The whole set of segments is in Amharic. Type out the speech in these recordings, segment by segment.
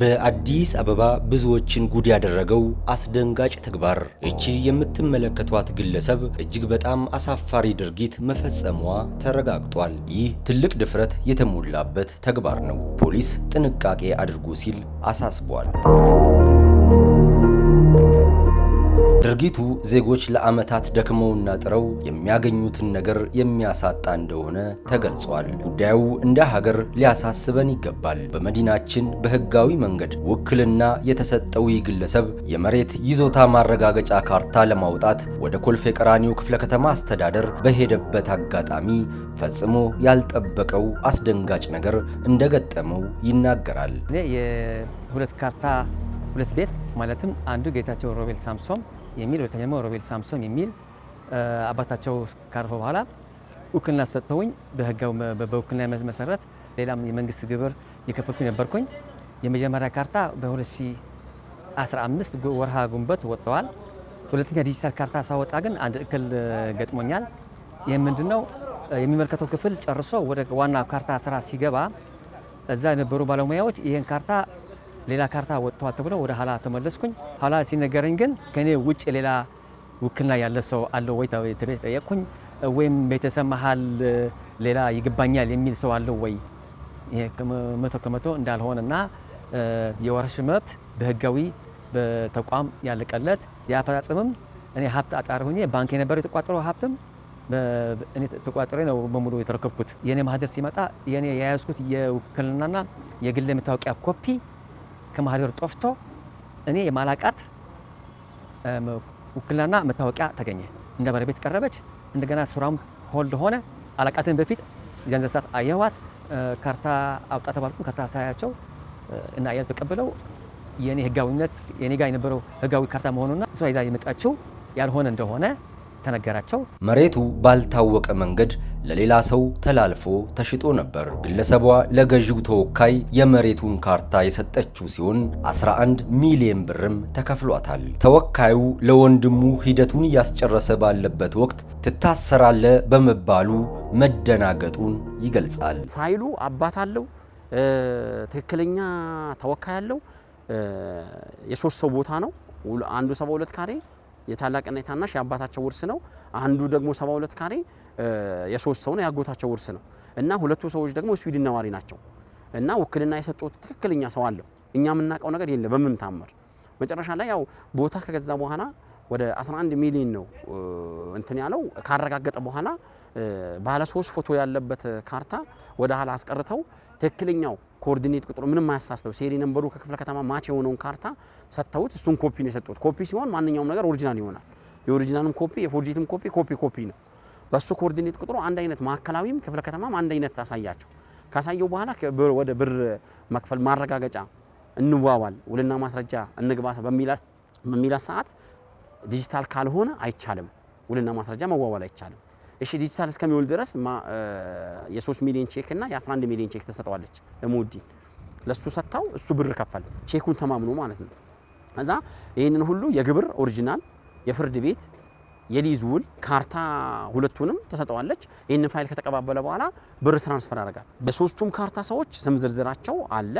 በአዲስ አበባ ብዙዎችን ጉድ ያደረገው አስደንጋጭ ተግባር። እቺ የምትመለከቷት ግለሰብ እጅግ በጣም አሳፋሪ ድርጊት መፈጸሟ ተረጋግጧል። ይህ ትልቅ ድፍረት የተሞላበት ተግባር ነው። ፖሊስ ጥንቃቄ አድርጉ ሲል አሳስቧል። ድርጊቱ ዜጎች ለዓመታት ደክመውና ጥረው የሚያገኙትን ነገር የሚያሳጣ እንደሆነ ተገልጿል። ጉዳዩ እንደ ሀገር ሊያሳስበን ይገባል። በመዲናችን በህጋዊ መንገድ ውክልና የተሰጠው ይህ ግለሰብ የመሬት ይዞታ ማረጋገጫ ካርታ ለማውጣት ወደ ኮልፌ ቀራኒዮ ክፍለ ከተማ አስተዳደር በሄደበት አጋጣሚ ፈጽሞ ያልጠበቀው አስደንጋጭ ነገር እንደገጠመው ይናገራል። ሁለት ካርታ ሁለት ቤት ማለትም አንዱ ጌታቸው ሮቤል ሳምሶም የሚል ሁለተኛ ደግሞ ሮቤል ሳምሶን የሚል አባታቸው ካረፈ በኋላ ውክልና ሰጥተውኝ በህጋው በውክልና መሰረት ሌላም የመንግስት ግብር የከፈልኩኝ ነበርኩኝ። የመጀመሪያ ካርታ በ2015 ወርሃ ጉንበት ወጥተዋል። ሁለተኛ ዲጂታል ካርታ ሳወጣ ግን አንድ እክል ገጥሞኛል። ይህ ምንድን ነው? የሚመለከተው ክፍል ጨርሶ ወደ ዋና ካርታ ስራ ሲገባ እዛ የነበሩ ባለሙያዎች ይህን ካርታ ሌላ ካርታ ወጥቷል ተብሎ ወደ ኋላ ተመለስኩኝ። ኋላ ሲነገረኝ ግን ከኔ ውጭ ሌላ ውክልና ያለ ሰው አለው ወይ ተቤት ጠየቅኩኝ። ወይም ቤተሰብ መሀል ሌላ ይገባኛል የሚል ሰው አለው ወይ መቶ ከመቶ እንዳልሆነና የወራሽ መብት በህጋዊ በተቋም ያለቀለት የአፈጻጸምም እኔ ሀብት አጣሪ ሁኔ ባንክ የነበረው የተቋጠረው ሀብትም እኔ ተቋጥሬ ነው በሙሉ የተረከብኩት። የእኔ ማህደር ሲመጣ የእኔ የያዝኩት የውክልናና የግል መታወቂያ ኮፒ ከማህደሩ ጦፍቶ እኔ የማላቃት ውክልናና መታወቂያ ተገኘ። እንደ ባለቤት ቀረበች። እንደገና ስራም ሆልድ ሆነ። አላቃትን በፊት የዛን ሰዓት አየኋት። ካርታ አውጣ ተባልኩ። ካርታ ሳያቸው እና አያል ተቀብለው የኔ ህጋዊነት የኔ ጋር የነበረው ህጋዊ ካርታ መሆኑና እሷ ይዛ የመጣችው ያልሆነ እንደሆነ ተነገራቸው። መሬቱ ባልታወቀ መንገድ ለሌላ ሰው ተላልፎ ተሽጦ ነበር። ግለሰቧ ለገዢው ተወካይ የመሬቱን ካርታ የሰጠችው ሲሆን 11 ሚሊዮን ብርም ተከፍሏታል። ተወካዩ ለወንድሙ ሂደቱን እያስጨረሰ ባለበት ወቅት ትታሰራለ በመባሉ መደናገጡን ይገልጻል። ፋይሉ አባት አለው፣ ትክክለኛ ተወካይ አለው። የሶስት ሰው ቦታ ነው። አንዱ ሰባ ሁለት ካሬ የታላቅና የታናሽ የአባታቸው ውርስ ነው። አንዱ ደግሞ 72 ካሬ የሶስት ሰው ነው ያጎታቸው ውርስ ነው እና ሁለቱ ሰዎች ደግሞ ስዊድን ነዋሪ ናቸው እና ውክልና የሰጡት ትክክለኛ ሰው አለው። እኛ የምናውቀው ነገር የለም በምን ታምር። መጨረሻ ላይ ያው ቦታ ከገዛ በኋላ ወደ 11 ሚሊዮን ነው እንትን ያለው ካረጋገጠ በኋላ ባለ ሶስት ፎቶ ያለበት ካርታ ወደ ኋላ አስቀርተው ትክክለኛው ኮኦርዲኔት ቁጥሩ ምንም አያሳስተው ሴሪ ነምበሩ ከክፍለ ከተማ ማች የሆነውን ካርታ ሰጥተውት እሱን ኮፒ ነው የሰጡት። ኮፒ ሲሆን ማንኛውም ነገር ኦሪጂናል ይሆናል። የኦሪጂናልም ኮፒ የፎርጂትም ኮፒ ኮፒ ኮፒ ነው። በሱ ኮኦርዲኔት ቁጥሩ አንድ አይነት ማዕከላዊም ክፍለ ከተማም አንድ አይነት አሳያቸው። ካሳየው በኋላ ወደ ብር መክፈል ማረጋገጫ እንዋዋል ውልና ማስረጃ እንግባ በሚላ ሰዓት ዲጂታል ካልሆነ አይቻልም፣ ውልና ማስረጃ መዋዋል አይቻልም። እሺ ዲጂታል እስከሚውል ድረስ የ3 ሚሊዮን ቼክ እና የ11 ሚሊዮን ቼክ ተሰጠዋለች ለሙዲን ለሱ ሰጥታው እሱ ብር ከፈል ቼኩን ተማምኖ ማለት ነው። እዛ ይህንን ሁሉ የግብር ኦሪጂናል፣ የፍርድ ቤት፣ የሊዝ ውል፣ ካርታ ሁለቱንም ተሰጠዋለች። ይህንን ፋይል ከተቀባበለ በኋላ ብር ትራንስፈር ያደርጋል። በሶስቱም ካርታ ሰዎች ስም ዝርዝራቸው አለ።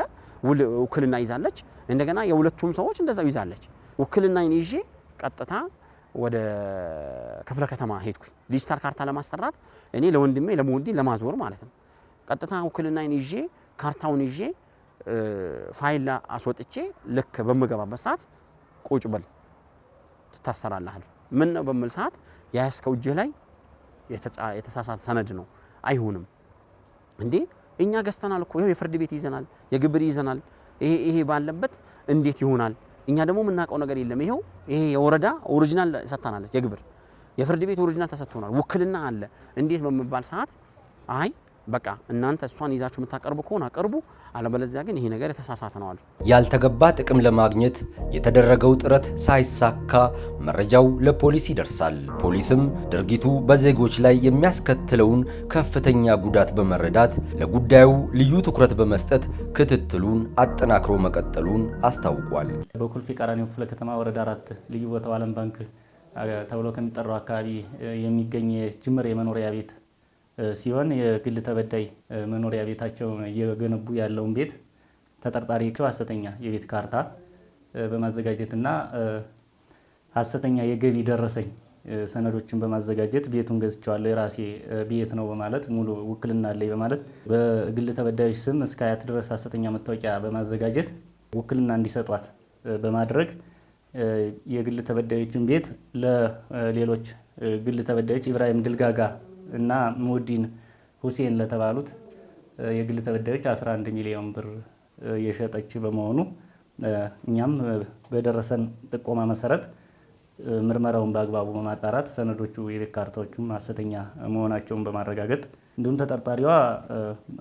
ውክልና ይዛለች። እንደገና የሁለቱም ሰዎች እንደዛው ይዛለች። ውክልና ይዤ ቀጥታ ወደ ክፍለ ከተማ ሄድኩኝ ዲጂታል ካርታ ለማሰራት እኔ ለወንድሜ ለመወንዲ ለማዞር ማለት ነው። ቀጥታ ውክልናይን ይዤ ካርታውን ይዤ ፋይል አስወጥቼ ልክ በምገባበት ሰዓት ቁጭ በል ትታሰራለህ። ምን ነው በምል ሰዓት የያዝከው እጅህ ላይ የተሳሳተ ሰነድ ነው፣ አይሆንም። እንዴ እኛ ገዝተናል እኮ ይኸው የፍርድ ቤት ይዘናል፣ የግብር ይዘናል። ይሄ ባለበት እንዴት ይሆናል? እኛ ደግሞ የምናውቀው ነገር የለም። ይሄው ይሄ የወረዳ ኦሪጂናል ሰጥታናለች፣ የግብር የፍርድ ቤት ኦሪጂናል ተሰጥቶናል፣ ውክልና አለ እንዴት በምባል ሰዓት አይ በቃ እናንተ እሷን ይዛችሁ የምታቀርቡ ከሆነ አቅርቡ፣ አለበለዚያ ግን ይሄ ነገር የተሳሳተ ነው አሉ። ያልተገባ ጥቅም ለማግኘት የተደረገው ጥረት ሳይሳካ መረጃው ለፖሊስ ይደርሳል። ፖሊስም ድርጊቱ በዜጎች ላይ የሚያስከትለውን ከፍተኛ ጉዳት በመረዳት ለጉዳዩ ልዩ ትኩረት በመስጠት ክትትሉን አጠናክሮ መቀጠሉን አስታውቋል። በኩልፊ ቀራኒዮ ክፍለ ከተማ ወረዳ አራት ልዩ ቦታው ዓለም ባንክ ተብሎ ከሚጠራው አካባቢ የሚገኝ ጅምር የመኖሪያ ቤት ሲሆን የግል ተበዳይ መኖሪያ ቤታቸው እየገነቡ ያለውን ቤት ተጠርጣሪዎቹ ሀሰተኛ የቤት ካርታ በማዘጋጀትና ሀሰተኛ የገቢ ደረሰኝ ሰነዶችን በማዘጋጀት ቤቱን ገዝቼዋለሁ የራሴ ቤት ነው በማለት ሙሉ ውክልና አለኝ በማለት በግል ተበዳዮች ስም እስከ አያት ድረስ ሀሰተኛ መታወቂያ በማዘጋጀት ውክልና እንዲሰጧት በማድረግ የግል ተበዳዮችን ቤት ለሌሎች ግል ተበዳዮች ኢብራሂም ድልጋጋ እና ሙዲን ሁሴን ለተባሉት የግል ተበዳዮች 11 ሚሊዮን ብር የሸጠች በመሆኑ እኛም በደረሰን ጥቆማ መሰረት ምርመራውን በአግባቡ በማጣራት ሰነዶቹ የቤት ካርታዎቹም ሐሰተኛ መሆናቸውን በማረጋገጥ እንዲሁም ተጠርጣሪዋ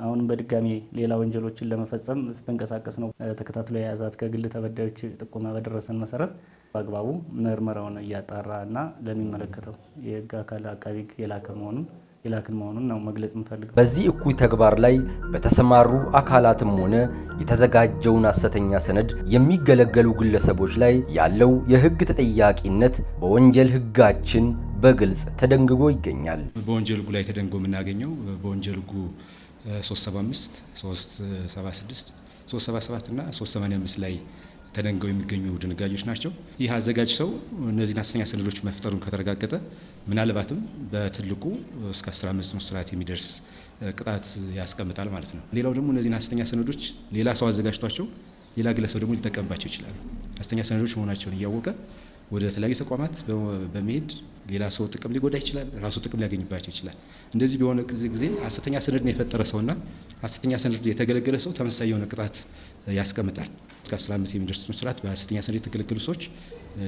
አሁንም በድጋሚ ሌላ ወንጀሎችን ለመፈጸም ስትንቀሳቀስ ነው ተከታትሎ የያዛት። ከግል ተበዳዮች ጥቆማ በደረሰን መሰረት በአግባቡ ምርመራውን እያጣራ እና ለሚመለከተው የህግ አካል አቃቢ የላከ መሆኑን የላክን መሆኑን ነው መግለጽ የምፈልገው። በዚህ እኩይ ተግባር ላይ በተሰማሩ አካላትም ሆነ የተዘጋጀውን ሐሰተኛ ሰነድ የሚገለገሉ ግለሰቦች ላይ ያለው የህግ ተጠያቂነት በወንጀል ህጋችን። በግልጽ ተደንግጎ ይገኛል። በወንጀል ሕጉ ላይ ተደንግጎ የምናገኘው በወንጀል ሕጉ 375፣ 376፣ 377 እና 385 ላይ ተደንገው የሚገኙ ድንጋዮች ናቸው። ይህ አዘጋጅ ሰው እነዚህን አስተኛ ሰነዶች መፍጠሩን ከተረጋገጠ ምናልባትም በትልቁ እስከ 15 ዓመት እስራት የሚደርስ ቅጣት ያስቀምጣል ማለት ነው። ሌላው ደግሞ እነዚህን አስተኛ ሰነዶች ሌላ ሰው አዘጋጅቷቸው ሌላ ግለሰብ ደግሞ ሊጠቀምባቸው ይችላል። አስተኛ ሰነዶች መሆናቸውን እያወቀ ወደ ተለያዩ ተቋማት በመሄድ ሌላ ሰው ጥቅም ሊጎዳ ይችላል፣ ራሱ ጥቅም ሊያገኝባቸው ይችላል። እንደዚህ በሆነ ጊዜ ሐሰተኛ ሰነድን የፈጠረ ሰውና ሐሰተኛ ሰነድ የተገለገለ ሰው ተመሳሳይ የሆነ ቅጣት ያስቀምጣል። እስከ 10 ዓመት የሚደርስ እስራት በሐሰተኛ ሰነድ የተገለገሉ ሰዎች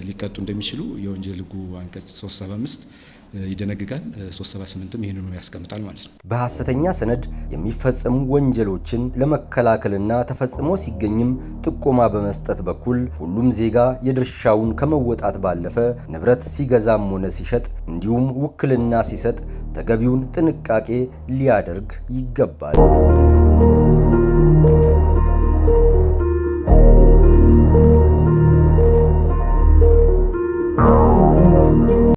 ሊቀጡ እንደሚችሉ የወንጀል ሕጉ አንቀጽ 375 ይደነግጋል። 378ም ይህንኑ ያስቀምጣል ማለት ነው። በሐሰተኛ ሰነድ የሚፈጸሙ ወንጀሎችን ለመከላከልና ተፈጽሞ ሲገኝም ጥቆማ በመስጠት በኩል ሁሉም ዜጋ የድርሻውን ከመወጣት ባለፈ ንብረት ሲገዛም ሆነ ሲሸጥ እንዲሁም ውክልና ሲሰጥ ተገቢውን ጥንቃቄ ሊያደርግ ይገባል።